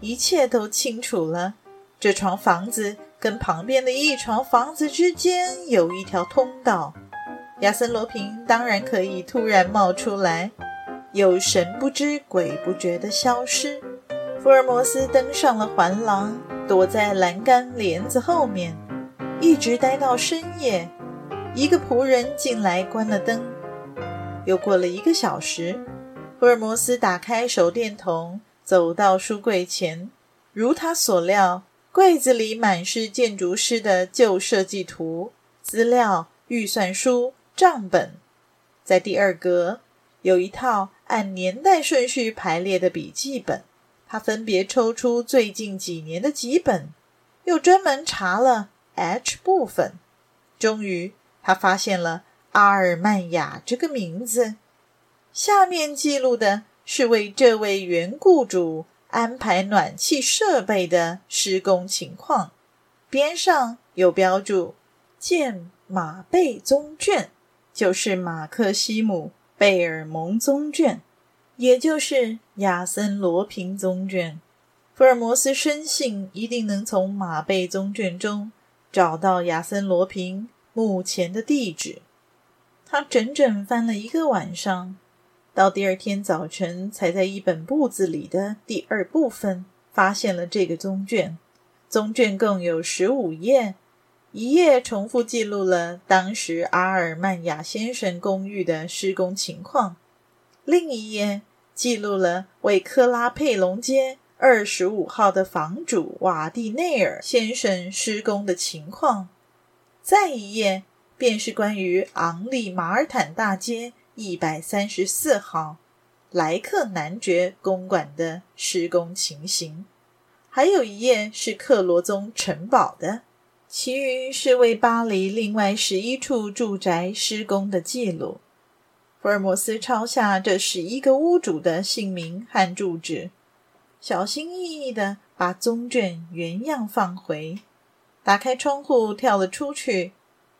一切都清楚了，這幢房子跟旁邊的一幢房子之間有一條通道。亞森·羅平當然可以突然冒出來，又神不知鬼不覺的消失。福爾摩斯登上了環廊，躲在欄杆簾子後面，一直待到深夜。一個僕人進來關了燈。又過了一個小時，福爾摩斯打開手電筒。走到書櫃前，如他所料，櫃子裡滿是建築師的舊設計圖、資料、預算書、賬本。在第二格，有一套按年代順序排列的筆記本，他分別抽出最近幾年的幾本，又專門查了 H 部分。終於，他發現了阿爾曼雅這個名字，下面記錄的是為這位原雇主安排暖氣設備的施工情況，邊上有標注“見馬貝宗卷”，就是馬克西姆·貝爾蒙宗卷，也就是亞森·羅平宗卷。福爾摩斯深信一定能從馬貝宗卷中找到亞森·羅平目前的地址。他整整翻了一個晚上。到第二天早晨，才在一本簿子裡的第二部分發現了這個宗卷。宗卷共有十五頁，一頁重複記錄了當時阿爾曼雅先生公寓的施工情況，另一頁記錄了為科拉佩隆街二十五號的房主瓦蒂內爾先生施工的情況，再一頁便是關於昂利馬爾坦大街一百三十四號萊克男爵公館的施工情形，還有一頁是克羅宗城堡的，其餘是為巴黎另外十一處住宅施工的記錄。福爾摩斯抄下這十一個屋主的姓名和住址，小心翼翼地把宗卷原樣放回，打開窗戶跳了出去。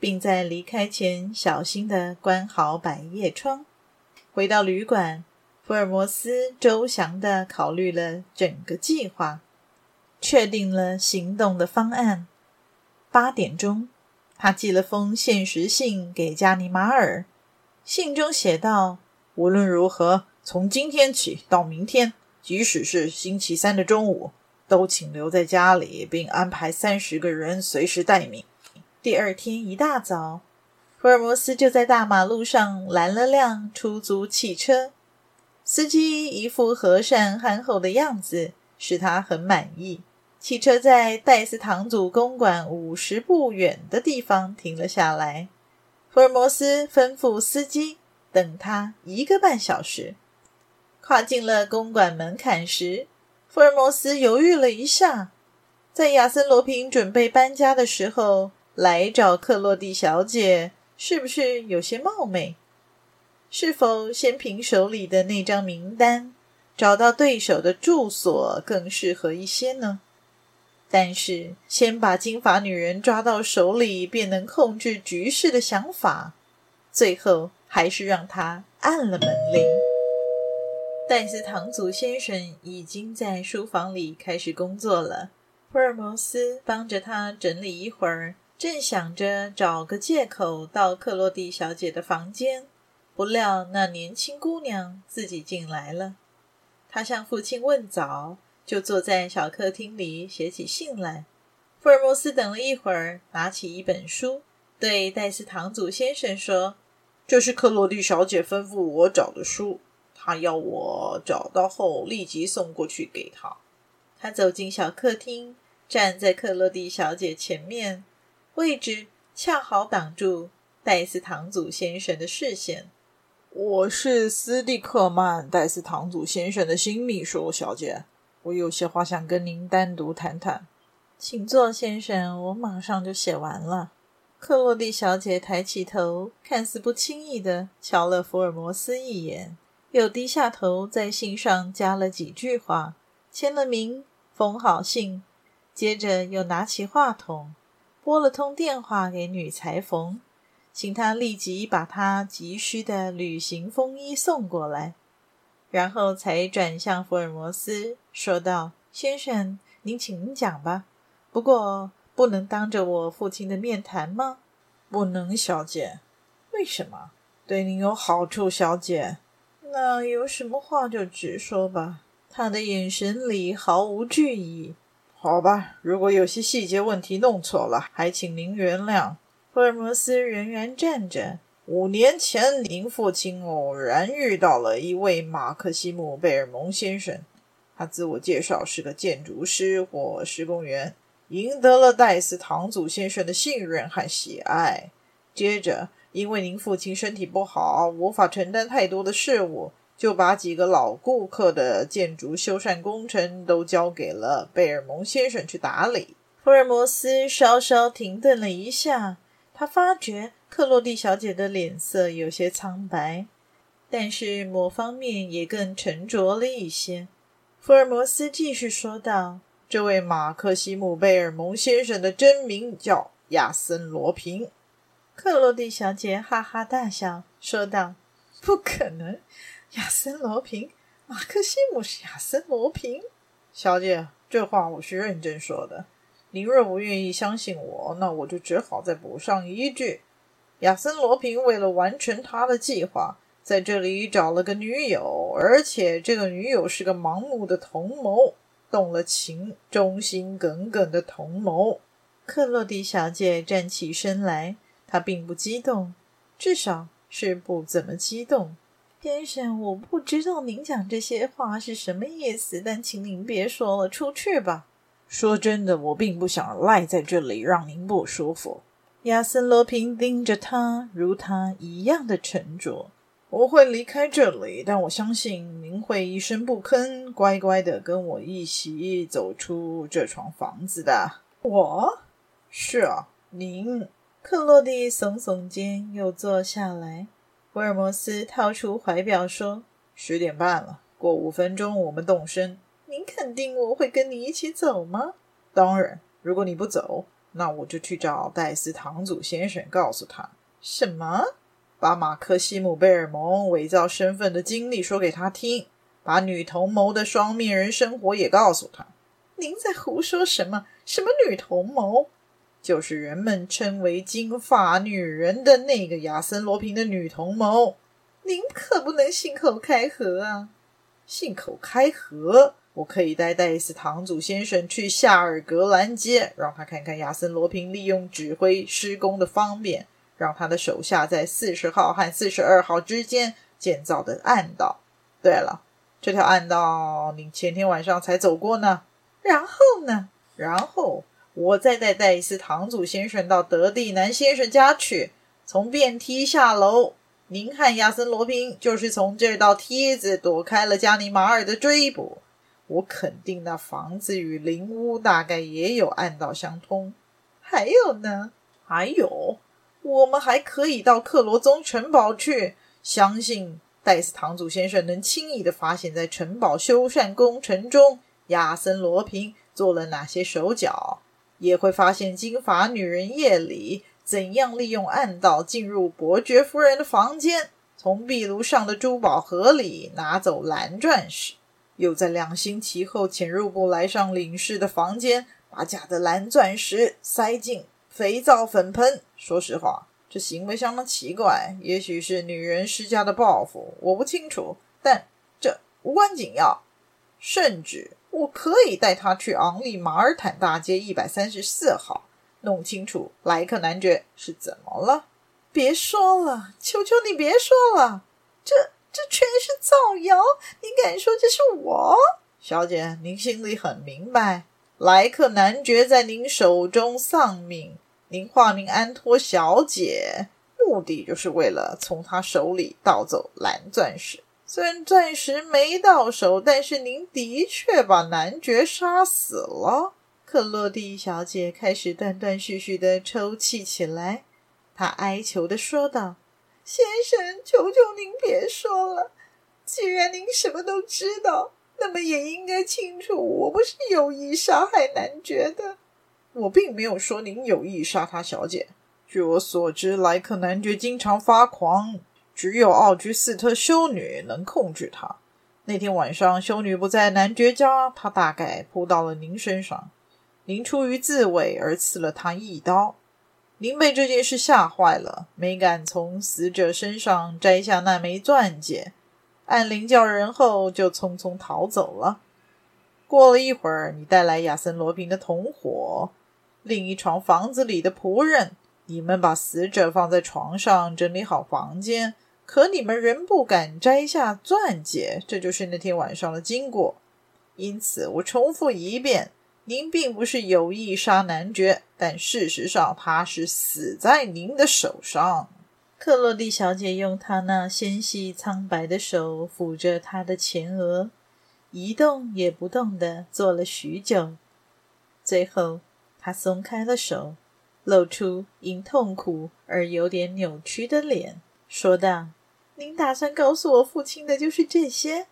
並在離開前小心地關好百葉窗。回到旅館，福爾摩斯周詳地考慮了整個計劃，確定了行動的方案。八點鐘，他寄了封限時信給加尼馬爾，信中寫道：“無論如何，從今天起到明天，即使是星期三的中午，都請留在家裡，並安排三十個人隨時待命。”第二天一大早，福爾摩斯就在大馬路上攔了輛出租汽車。司機一副和善憨厚的樣子，使他很滿意。汽車在戴斯唐祖公館五十步遠的地方停了下來。福爾摩斯吩咐司機等他一個半小時。跨進了公館門檻時，福爾摩斯猶豫了一下。在亞森羅平準備搬家的時候，來找克洛蒂小姐，是不是有些冒昧？是否先憑手裡的那張名單，找到對手的住所更適合一些呢？但是，先把金髮女人抓到手裡，便能控制局勢的想法，最後還是讓他按了門鈴。戴斯唐祖先生已經在書房裡開始工作了，福爾摩斯幫着他整理一會兒。正想着找個借口到克洛蒂小姐的房間，不料那年輕姑娘自己進來了。她向父親問早，就坐在小客廳裡寫起信來。福爾摩斯等了一會兒，拿起一本書，對戴斯唐祖先生說：“這是克洛蒂小姐吩咐我找的書，她要我找到後立即送過去給她。”他走進小客廳，站在克洛蒂小姐前面。位置恰好擋住戴斯唐祖先生的視線。我是斯蒂克曼，戴斯唐祖先生的新秘書，小姐。我有些話想跟您單獨談談，請坐，先生。我馬上就寫完了。克洛蒂小姐抬起頭，看似不經意的瞧了福爾摩斯一眼，又低下頭，在信上加了幾句話，簽了名，封好信，接着又拿起話筒，撥了通電話給女裁縫，請她立即把她急需的旅行風衣送過來，然後才轉向福爾摩斯說道：“先生，您請您講吧。不過，不能當着我父親的面談嗎？不能，小姐。為什麼？對你有好處，小姐。那有什麼話就直說吧。”她的眼神裡毫無懼意。好吧，如果有些細節問題弄錯了，還請您原諒。福爾摩斯仍然站着。五年前，您父親偶然遇到了一位馬克西姆·貝爾蒙先生，他自我介紹是個建築師或施工員，贏得了戴斯唐祖先生的信任和喜愛。接着，因為您父親身體不好，無法承擔太多的事務。就把幾個老顧客的建築修繕工程都交給了貝爾蒙先生去打理。福爾摩斯稍稍停頓了一下，他發覺克洛蒂小姐的臉色有些蒼白，但是某方面也更沉着了一些。福爾摩斯繼續說道：“這位馬克西姆·貝爾蒙先生的真名叫亞森·羅平。”克洛蒂小姐哈哈大笑，說道：“不可能。”亞森·羅平，馬克西姆是亞森·羅平，小姐，這話我是認真說的。您若不願意相信我，那我就只好再補上一句：亞森·羅平為了完成他的計劃，在這裡找了個女友，而且這個女友是個盲目的同謀，動了情、忠心耿耿的同謀。克洛蒂小姐站起身來，她並不激動，至少是不怎麼激動。先生，我不知道您講這些話是什麼意思，但請您別說了，出去吧。說真的，我並不想賴在這裡讓您不舒服。亞森羅平盯着他，如他一樣的沉着。我會離開這裡，但我相信您會一聲不吭，乖乖的跟我一起走出這幢房子的。我？是啊，您。克洛蒂聳聳肩，又坐下來。.福爾摩斯掏出懷表說：“十點半了，過五分鐘我們動身。您肯定我會跟你一起走嗎？當然，如果你不走，那我就去找戴斯堂祖先生，告訴他。什麼？把馬克西姆·貝爾蒙偽造身份的經歷說給他聽，把女同謀的雙面人生活也告訴他。您在胡說什麼？什麼女同謀？”就是人們稱為金髮女人的那個亞森·羅平的女同謀，您可不能信口開河啊！信口開河？我可以帶戴斯唐祖先生去夏爾格蘭街，讓他看看亞森·羅平利用指揮施工的方便，讓他的手下在四十號和四十二號之間建造的暗道。對了，這條暗道您前天晚上才走過呢。然後呢？然後。我再帶戴斯堂祖先生到德蒂南先生家去，從電梯下樓。您看，亞森羅蘋就是從這道梯子躲開了加尼馬爾的追捕。我肯定那房子與林屋大概也有暗道相通。還有呢？還有，我們還可以到克羅宗城堡去。相信戴斯堂祖先生能輕易地發現，在城堡修繕工程中，亞森羅蘋做了哪些手腳。也會發現金髮女人夜裡怎樣利用暗道進入伯爵夫人的房間，從壁爐上的珠寶盒裡拿走藍鑽石，又在兩星期後潛入部來上領事的房間，把假的藍鑽石塞進肥皂粉盆。說實話，這行為相當奇怪，也許是女人施加的報復，我不清楚，但這無關緊要，甚至。我可以帶他去昂利馬爾坦大街一百三十四號，弄清楚萊克男爵是怎麼了。別說了，求求你別說了，這這全是造謠！你敢說這是我？小姐，您心裡很明白，萊克男爵在您手中喪命，您化名安托小姐，目的就是為了從他手裡盜走藍鑽石。雖然暫時沒到手，但是您的確把男爵殺死了。克洛蒂小姐開始斷斷續續地抽泣起來，她哀求地說道：“先生，求求您別說了。既然您什麼都知道，那麼也應該清楚，我不是有意殺害男爵的。我並沒有說您有意殺他，小姐。據我所知，萊克男爵經常發狂。”只有奧居斯特修女能控制他，那天晚上，修女不在男爵家，他大概撲到了您身上。您出於自衛而刺了他一刀。您被這件事嚇壞了，沒敢從死者身上摘下那枚鑽戒。按鈴叫人後，就匆匆逃走了。過了一會兒，你帶來亞森·羅賓的同夥，另一幢房子裡的僕人。你們把死者放在床上，整理好房間。可你們仍不敢摘下鑽戒，這就是那天晚上的經過。因此，我重複一遍：您並不是有意殺男爵，但事實上他是死在您的手上。克洛蒂小姐用她那纖細蒼白的手撫着她的前額，一動也不動地坐了許久。最後，她鬆開了手，露出因痛苦而有點扭曲的臉，說道。您打算告訴我父親的就是這些？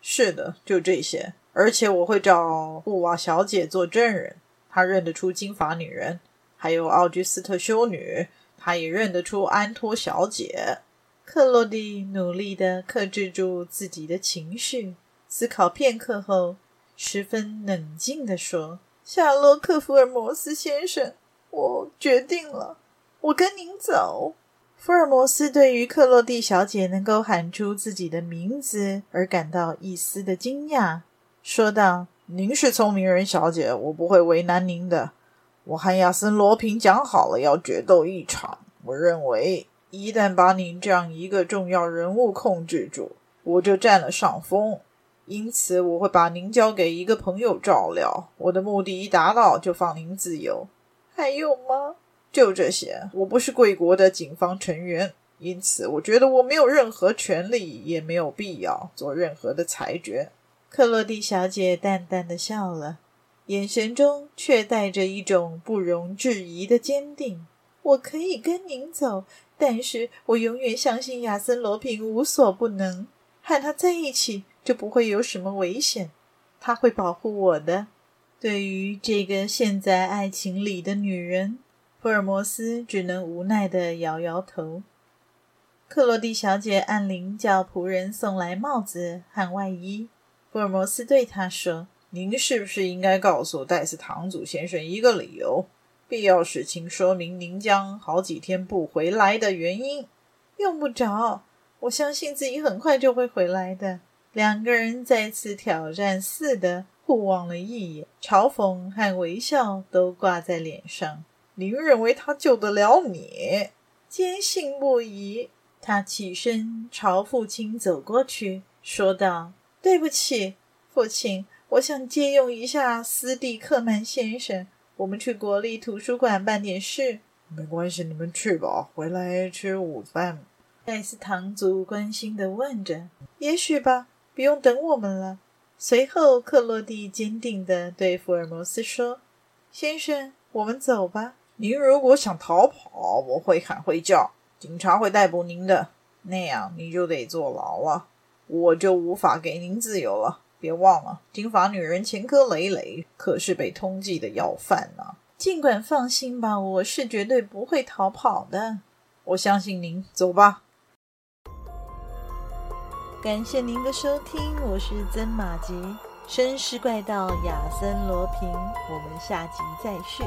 是的，就這些。而且我會找布瓦小姐做證人，她認得出金髮女人，還有奧吉斯特修女，她也認得出安托小姐。克洛蒂努力地克制住自己的情緒，思考片刻後，十分冷靜地說：“夏洛克·福爾摩斯先生，我決定了，我跟您走。”福爾摩斯對於克洛蒂小姐能夠喊出自己的名字而感到一絲的驚訝，說道：“您是聰明人，小姐，我不會為難您的。我和亞森·羅平講好了要決鬥一場。我認為，一旦把您這樣一個重要人物控制住，我就占了上風。因此，我會把您交給一個朋友照料。我的目的一達到，就放您自由。還有嗎？”就這些，我不是貴國的警方成員，因此我覺得我沒有任何權利，也沒有必要做任何的裁決。克洛蒂小姐淡淡的笑了，眼神中卻帶着一種不容置疑的堅定。我可以跟您走，但是我永遠相信亞森·羅平無所不能，和他在一起就不會有什麼危險，他會保護我的。對於這個陷在愛情裡的女人。福爾摩斯只能無奈的搖搖頭。克洛蒂小姐按鈴叫僕人送來帽子和外衣。福爾摩斯對她說：“您是不是應該告訴戴斯唐祖先生一個理由？必要時請說明您將好幾天不回來的原因。”“用不着，我相信自己很快就會回來的。”兩個人再次挑戰似的互望了一眼，嘲諷和微笑都掛在臉上。您認為他救得了你？堅信不疑。他起身朝父親走過去，說道：“對不起，父親，我想借用一下斯蒂克曼先生，我們去國立圖書館辦點事。”“沒關係，你們去吧，回來吃午飯。”蓋斯唐祖關心地問着。“也許吧，不用等我們了。”隨後，克洛蒂堅定地對福爾摩斯說：“先生，我們走吧。”您如果想逃跑，我會喊會叫，警察會逮捕您的，那樣你就得坐牢了，我就無法給您自由了。別忘了，金髮女人前科累累，可是被通緝的要犯呢、啊。儘管放心吧，我是絕對不會逃跑的，我相信您。走吧。感謝您的收聽，我是曾馬吉，紳士怪盜亞森羅平，我們下集再續。